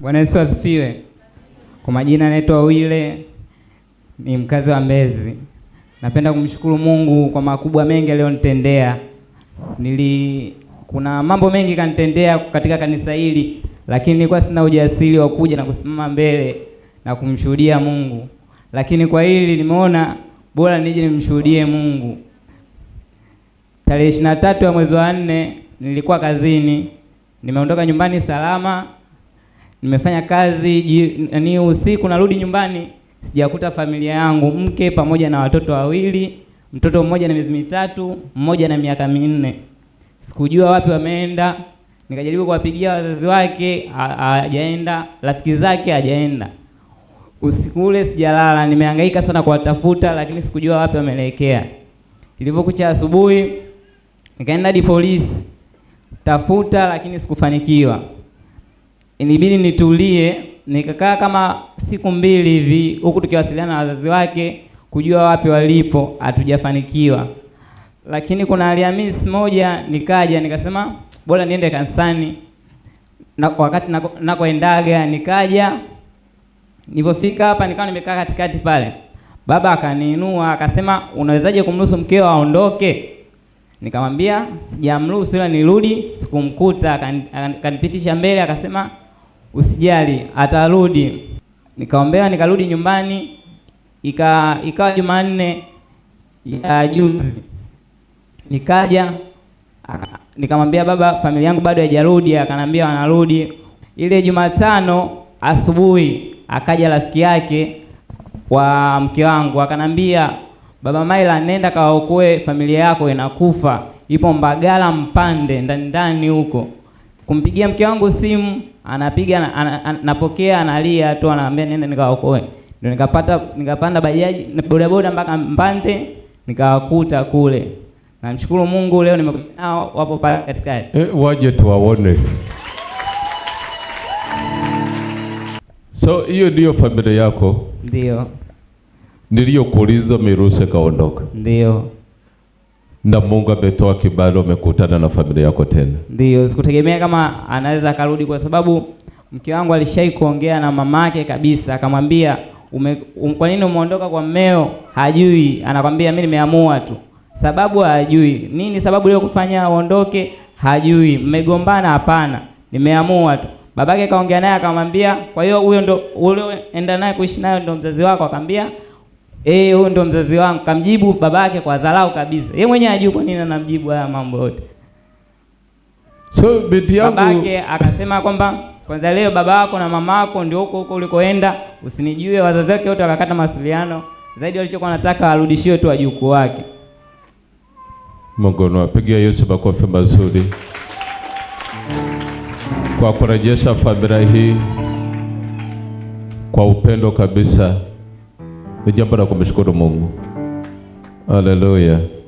Bwana Yesu asifiwe. Kwa majina naitwa Wile, ni mkazi wa Mbezi. Napenda kumshukuru Mungu kwa makubwa mengi aliyonitendea. Nili kuna mambo mengi kanitendea katika kanisa hili, lakini nilikuwa sina ujasiri wa kuja na kusimama mbele na kumshuhudia Mungu, lakini kwa hili nimeona bora nije nimshuhudie Mungu. Tarehe ishirini na tatu ya mwezi wa nne nilikuwa kazini, nimeondoka nyumbani salama nimefanya kazi ni usiku, narudi nyumbani sijakuta familia yangu, mke pamoja na watoto wawili, mtoto mmoja na miezi mitatu, mmoja na miaka minne. Sikujua wapi wameenda, nikajaribu kuwapigia wazazi wake, hajaenda, rafiki zake hajaenda. Usiku ule sijalala, nimehangaika sana kuwatafuta, lakini sikujua wapi wameelekea. Ilivyokucha asubuhi, nikaenda hadi polisi tafuta, lakini sikufanikiwa inibidi nitulie, nikakaa kama siku mbili hivi huku tukiwasiliana na wazazi wake kujua wapi walipo, hatujafanikiwa. Lakini kuna Alhamisi moja nikaja nikasema bora niende kanisani na wakati nakoendaga nako nikaja, nilipofika hapa nikawa nimekaa katikati pale, baba akaniinua akasema, unawezaje kumruhusu mkeo aondoke? Nikamwambia sijamruhusu, ila nirudi. Sikumkuta, akanipitisha mbele, akasema usijali atarudi. Nikaombea, nikarudi nyumbani, ikawa Jumanne ya juzi, nikaja nikamwambia baba, familia yangu bado haijarudi. Akanambia wanarudi. Ile Jumatano asubuhi akaja rafiki yake wa mke wangu akanambia, baba Maila, nenda kawaokoe familia yako inakufa, ipo Mbagala Mpande ndani ndani huko. Kumpigia mke wangu simu anapiga anapokea, analia tu, anaambia nene nikaokoe Ndio nikapata nikapanda bajaji na bodaboda mpaka Mpande nikawakuta kule. Namshukuru Mungu leo nimekuja nao, wapo pale katikati. Eh, waje tuwaone. So hiyo ndiyo familia yako? Ndio. Niliyokuuliza Miruse kaondoka? Ndio na Mungu ametoa kibali, amekutana na familia yako tena. Ndio, sikutegemea kama anaweza akarudi, kwa sababu mke wangu alishai kuongea na mamake kabisa, akamwambia um, kwa nini umeondoka kwa mmeo? Hajui, anakwambia mimi nimeamua tu, sababu hajui nini sababu ile kufanya aondoke, hajui mmegombana? Hapana, nimeamua tu. Babake kaongea naye akamwambia, kwa hiyo huyo ndo ule enda naye kuishi nayo ndo mzazi wako, akamwambia eh, huyu ndo mzazi wangu. Kamjibu babake kwa dharau kabisa, yeye mwenyewe hajui kwa nini anamjibu haya mambo yote. So binti yangu babake akasema kwamba kwanza leo baba wako na mama wako ndio huko huko ulikoenda, usinijue. Wazazi wake wote wakakata mawasiliano zaidi, walichokuwa wanataka warudishiwe tu wajukuu wake. Mungu nawapigia Yesu makofi mazuri kwa kurejesha familia hii kwa upendo kabisa ni jambo la kumshukuru Mungu. Haleluya.